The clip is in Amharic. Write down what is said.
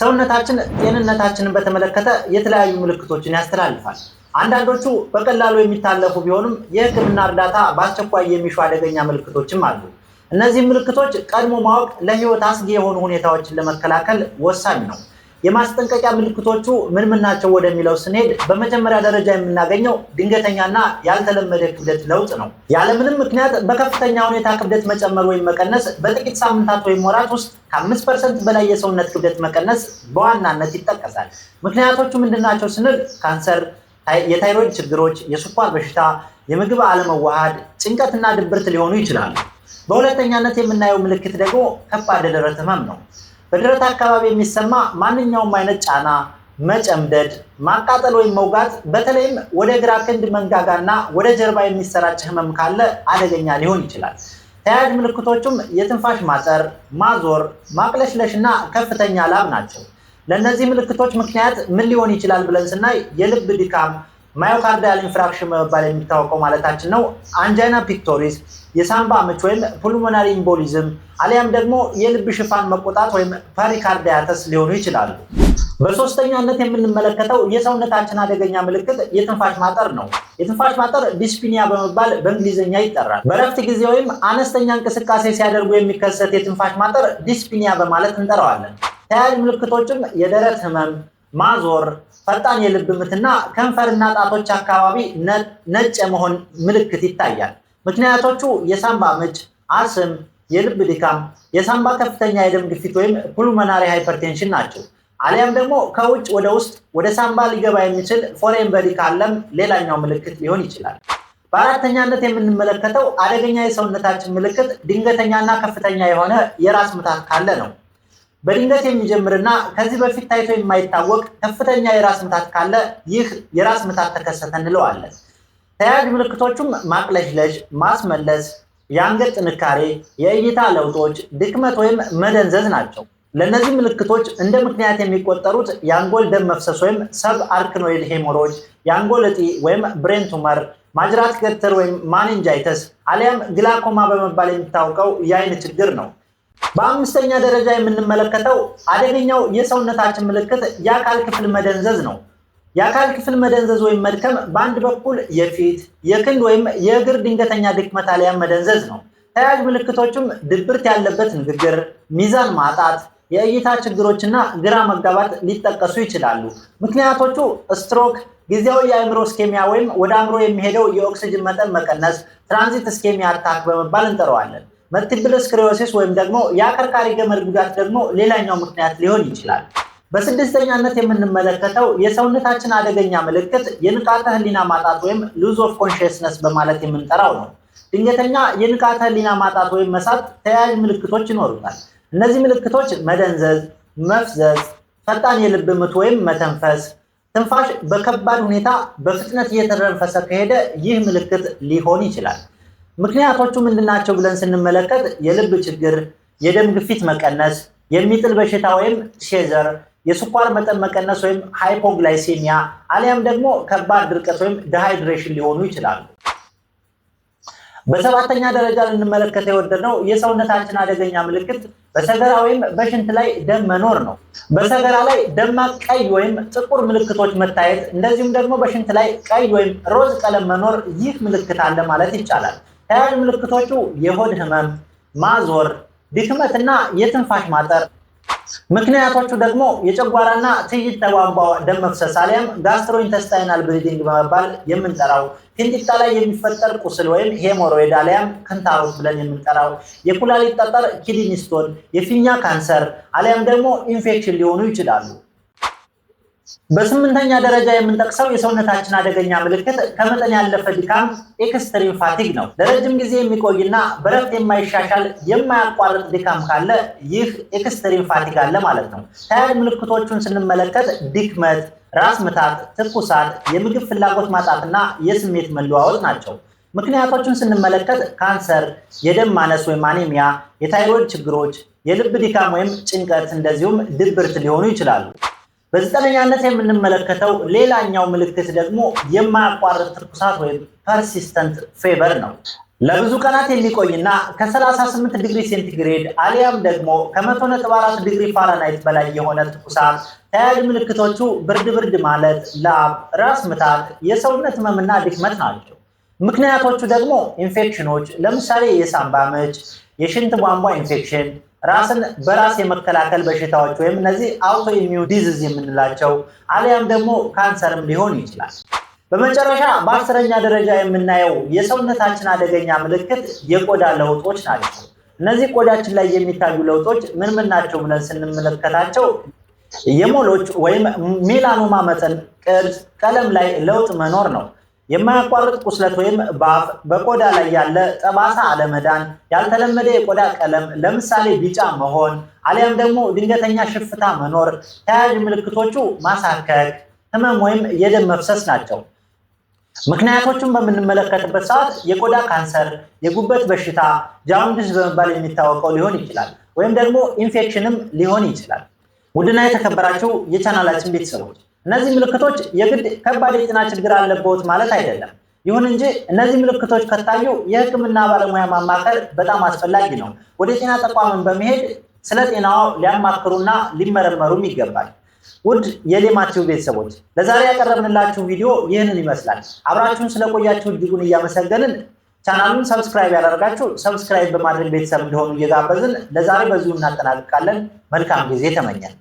ሰውነታችን ጤንነታችንን በተመለከተ የተለያዩ ምልክቶችን ያስተላልፋል። አንዳንዶቹ በቀላሉ የሚታለፉ ቢሆኑም የሕክምና እርዳታ በአስቸኳይ የሚሹ አደገኛ ምልክቶችም አሉ። እነዚህ ምልክቶች ቀድሞ ማወቅ ለሕይወት አስጊ የሆኑ ሁኔታዎችን ለመከላከል ወሳኝ ነው። የማስጠንቀቂያ ምልክቶቹ ምን ምን ናቸው ወደሚለው ስንሄድ በመጀመሪያ ደረጃ የምናገኘው ድንገተኛና ያልተለመደ ክብደት ለውጥ ነው። ያለምንም ምክንያት በከፍተኛ ሁኔታ ክብደት መጨመር ወይም መቀነስ በጥቂት ሳምንታት ወይም ወራት ውስጥ ከአምስት ፐርሰንት በላይ የሰውነት ክብደት መቀነስ በዋናነት ይጠቀሳል። ምክንያቶቹ ምንድናቸው ስንል ካንሰር፣ የታይሮይድ ችግሮች፣ የስኳር በሽታ፣ የምግብ አለመዋሃድ፣ ጭንቀትና ድብርት ሊሆኑ ይችላሉ። በሁለተኛነት የምናየው ምልክት ደግሞ ከባድ የደረት ህመም ነው። በደረት አካባቢ የሚሰማ ማንኛውም አይነት ጫና፣ መጨምደድ፣ ማቃጠል ወይም መውጋት፣ በተለይም ወደ ግራ ክንድ መንጋጋና ወደ ጀርባ የሚሰራጭ ህመም ካለ አደገኛ ሊሆን ይችላል። ተያያዥ ምልክቶቹም የትንፋሽ ማጠር፣ ማዞር፣ ማቅለሽለሽ እና ከፍተኛ ላብ ናቸው። ለእነዚህ ምልክቶች ምክንያት ምን ሊሆን ይችላል ብለን ስናይ የልብ ድካም፣ ማዮካርዳል ኢንፍራክሽን በመባል የሚታወቀው ማለታችን ነው። አንጃይና ፒክቶሪስ፣ የሳምባ ምች ወይም ፑልሞናሪ ኢምቦሊዝም አሊያም ደግሞ የልብ ሽፋን መቆጣት ወይም ፓሪካርዳያተስ ሊሆኑ ይችላሉ። በሶስተኛነት የምንመለከተው የሰውነታችን አደገኛ ምልክት የትንፋሽ ማጠር ነው። የትንፋሽ ማጠር ዲስፒኒያ በመባል በእንግሊዝኛ ይጠራል። በረፍት ጊዜ ወይም አነስተኛ እንቅስቃሴ ሲያደርጉ የሚከሰት የትንፋሽ ማጠር ዲስፒኒያ በማለት እንጠራዋለን። ተያያዥ ምልክቶችም የደረት ህመም ማዞር፣ ፈጣን የልብ ምትና ከንፈርና ጣቶች አካባቢ ነጭ የመሆን ምልክት ይታያል። ምክንያቶቹ የሳምባ ምች፣ አስም፣ የልብ ድካም፣ የሳምባ ከፍተኛ የደም ግፊት ወይም ፑልሞናሪ ሃይፐርቴንሽን ናቸው። አሊያም ደግሞ ከውጭ ወደ ውስጥ ወደ ሳምባ ሊገባ የሚችል ፎሬን በዲ ካለም ሌላኛው ምልክት ሊሆን ይችላል። በአራተኛነት የምንመለከተው አደገኛ የሰውነታችን ምልክት ድንገተኛና ከፍተኛ የሆነ የራስ ምታት ካለ ነው። በድንገት የሚጀምርና ከዚህ በፊት ታይቶ የማይታወቅ ከፍተኛ የራስ ምታት ካለ ይህ የራስ ምታት ተከሰተ እንለዋለን። ተያያዥ ምልክቶቹም ማቅለሽለሽ፣ ማስመለስ፣ የአንገት ጥንካሬ፣ የእይታ ለውጦች፣ ድክመት ወይም መደንዘዝ ናቸው። ለእነዚህ ምልክቶች እንደ ምክንያት የሚቆጠሩት የአንጎል ደም መፍሰስ ወይም ሰብ አርክኖይድ ሄሞሮች፣ የአንጎል እጢ ወይም ብሬን ቱመር፣ ማጅራት ገትር ወይም ማኒንጃይተስ አሊያም ግላኮማ በመባል የሚታወቀው የአይን ችግር ነው። በአምስተኛ ደረጃ የምንመለከተው አደገኛው የሰውነታችን ምልክት የአካል ክፍል መደንዘዝ ነው። የአካል ክፍል መደንዘዝ ወይም መድከም በአንድ በኩል የፊት፣ የክንድ ወይም የእግር ድንገተኛ ድክመት አሊያም መደንዘዝ ነው። ተያያዥ ምልክቶቹም ድብርት ያለበት ንግግር፣ ሚዛን ማጣት፣ የእይታ ችግሮችና ግራ መጋባት ሊጠቀሱ ይችላሉ። ምክንያቶቹ ስትሮክ፣ ጊዜያዊ የአእምሮ እስኬሚያ ወይም ወደ አእምሮ የሚሄደው የኦክሲጅን መጠን መቀነስ፣ ትራንዚት ስኬሚያ አታክ በመባል እንጠረዋለን። መልቲፕል ስክሌሮሲስ ወይም ደግሞ የአከርካሪ ገመድ ጉዳት ደግሞ ሌላኛው ምክንያት ሊሆን ይችላል። በስድስተኛነት የምንመለከተው የሰውነታችን አደገኛ ምልክት የንቃተ ህሊና ማጣት ወይም ሉዝ ኦፍ ኮንሽስነስ በማለት የምንጠራው ነው። ድንገተኛ የንቃተ ህሊና ማጣት ወይም መሳት ተያያዥ ምልክቶች ይኖሩታል። እነዚህ ምልክቶች መደንዘዝ፣ መፍዘዝ፣ ፈጣን የልብ ምት ወይም መተንፈስ፣ ትንፋሽ በከባድ ሁኔታ በፍጥነት እየተረንፈሰ ከሄደ ይህ ምልክት ሊሆን ይችላል። ምክንያቶቹ ምንድናቸው ብለን ስንመለከት የልብ ችግር፣ የደም ግፊት መቀነስ፣ የሚጥል በሽታ ወይም ሼዘር፣ የስኳር መጠን መቀነስ ወይም ሃይፖግላይሴሚያ አሊያም ደግሞ ከባድ ድርቀት ወይም ዲሃይድሬሽን ሊሆኑ ይችላሉ። በሰባተኛ ደረጃ ልንመለከት የወደድነው የሰውነታችን አደገኛ ምልክት በሰገራ ወይም በሽንት ላይ ደም መኖር ነው። በሰገራ ላይ ደማቅ ቀይ ወይም ጥቁር ምልክቶች መታየት፣ እንደዚሁም ደግሞ በሽንት ላይ ቀይ ወይም ሮዝ ቀለም መኖር ይህ ምልክት አለ ማለት ይቻላል። ተያያዥ ምልክቶቹ የሆድ ህመም፣ ማዞር፣ ድክመትና የትንፋሽ ማጠር። ምክንያቶቹ ደግሞ የጨጓራና ትይት ተቧንቧ ደም መፍሰስ አሊያም ጋስትሮኢንተስታይናል ብሊዲንግ በመባል የምንጠራው ፊንጢጣ ላይ የሚፈጠር ቁስል ወይም ሄሞሮይድ አሊያም ክንታሮት ብለን የምንጠራው የኩላሊት ጠጠር፣ ኪድኒ የፊኛ ካንሰር አሊያም ደግሞ ኢንፌክሽን ሊሆኑ ይችላሉ። በስምንተኛ ደረጃ የምንጠቅሰው የሰውነታችን አደገኛ ምልክት ከመጠን ያለፈ ድካም ኤክስትሪም ፋቲግ ነው። ለረጅም ጊዜ የሚቆይና በረፍት የማይሻሻል የማያቋርጥ ድካም ካለ ይህ ኤክስትሪም ፋቲግ አለ ማለት ነው። ታያድ ምልክቶቹን ስንመለከት ድክመት፣ ራስ ምታት፣ ትኩሳት፣ የምግብ ፍላጎት ማጣትና የስሜት መለዋወጥ ናቸው። ምክንያቶቹን ስንመለከት ካንሰር፣ የደም ማነስ ወይም አኔሚያ፣ የታይሮይድ ችግሮች፣ የልብ ድካም ወይም ጭንቀት እንደዚሁም ድብርት ሊሆኑ ይችላሉ። በዘጠነኛነት የምንመለከተው ሌላኛው ምልክት ደግሞ የማያቋርጥ ትኩሳት ወይም ፐርሲስተንት ፌበር ነው። ለብዙ ቀናት የሚቆይና ከ38 ዲግሪ ሴንቲግሬድ አሊያም ደግሞ ከ104 ዲግሪ ፋራናይት በላይ የሆነ ትኩሳት። ተያያዥ ምልክቶቹ ብርድ ብርድ ማለት፣ ላብ፣ ራስ ምታት፣ የሰውነት ህመምና ድክመት ናቸው። ምክንያቶቹ ደግሞ ኢንፌክሽኖች፣ ለምሳሌ የሳምባ ምች፣ የሽንት ቧንቧ ኢንፌክሽን ራስን በራስ የመከላከል በሽታዎች ወይም እነዚህ አውቶ ኢሚዩን ዲዚዝ የምንላቸው አሊያም ደግሞ ካንሰርም ሊሆን ይችላል። በመጨረሻ በአስረኛ ደረጃ የምናየው የሰውነታችን አደገኛ ምልክት የቆዳ ለውጦች ናቸው። እነዚህ ቆዳችን ላይ የሚታዩ ለውጦች ምን ምን ናቸው ብለን ስንመለከታቸው የሞሎች ወይም ሜላኖማ መጠን፣ ቅርጽ፣ ቀለም ላይ ለውጥ መኖር ነው። የማያቋርጥ ቁስለት ወይም ባፍ፣ በቆዳ ላይ ያለ ጠባሳ አለመዳን፣ ያልተለመደ የቆዳ ቀለም ለምሳሌ ቢጫ መሆን አሊያም ደግሞ ድንገተኛ ሽፍታ መኖር፣ ተያያዥ ምልክቶቹ ማሳከክ፣ ህመም ወይም የደም መፍሰስ ናቸው። ምክንያቶቹን በምንመለከትበት ሰዓት የቆዳ ካንሰር፣ የጉበት በሽታ ጃውንዲስ በመባል የሚታወቀው ሊሆን ይችላል፣ ወይም ደግሞ ኢንፌክሽንም ሊሆን ይችላል። ውድና የተከበራችሁ የቻናላችን ቤተሰቦች እነዚህ ምልክቶች የግድ ከባድ የጤና ችግር አለብዎት ማለት አይደለም። ይሁን እንጂ እነዚህ ምልክቶች ከታዩ የሕክምና ባለሙያ ማማከር በጣም አስፈላጊ ነው። ወደ ጤና ተቋምን በመሄድ ስለ ጤናው ሊያማክሩና ሊመረመሩም ይገባል። ውድ የሌማቲው ቤተሰቦች ለዛሬ ያቀረብንላችሁ ቪዲዮ ይህንን ይመስላል። አብራችሁን ስለቆያችሁ እጅጉን እያመሰገንን ቻናሉን ሰብስክራይብ ያደረጋችሁ ሰብስክራይብ በማድረግ ቤተሰብ እንደሆኑ እየጋበዝን ለዛሬ በዚሁ እናጠናቅቃለን። መልካም ጊዜ ተመኘን።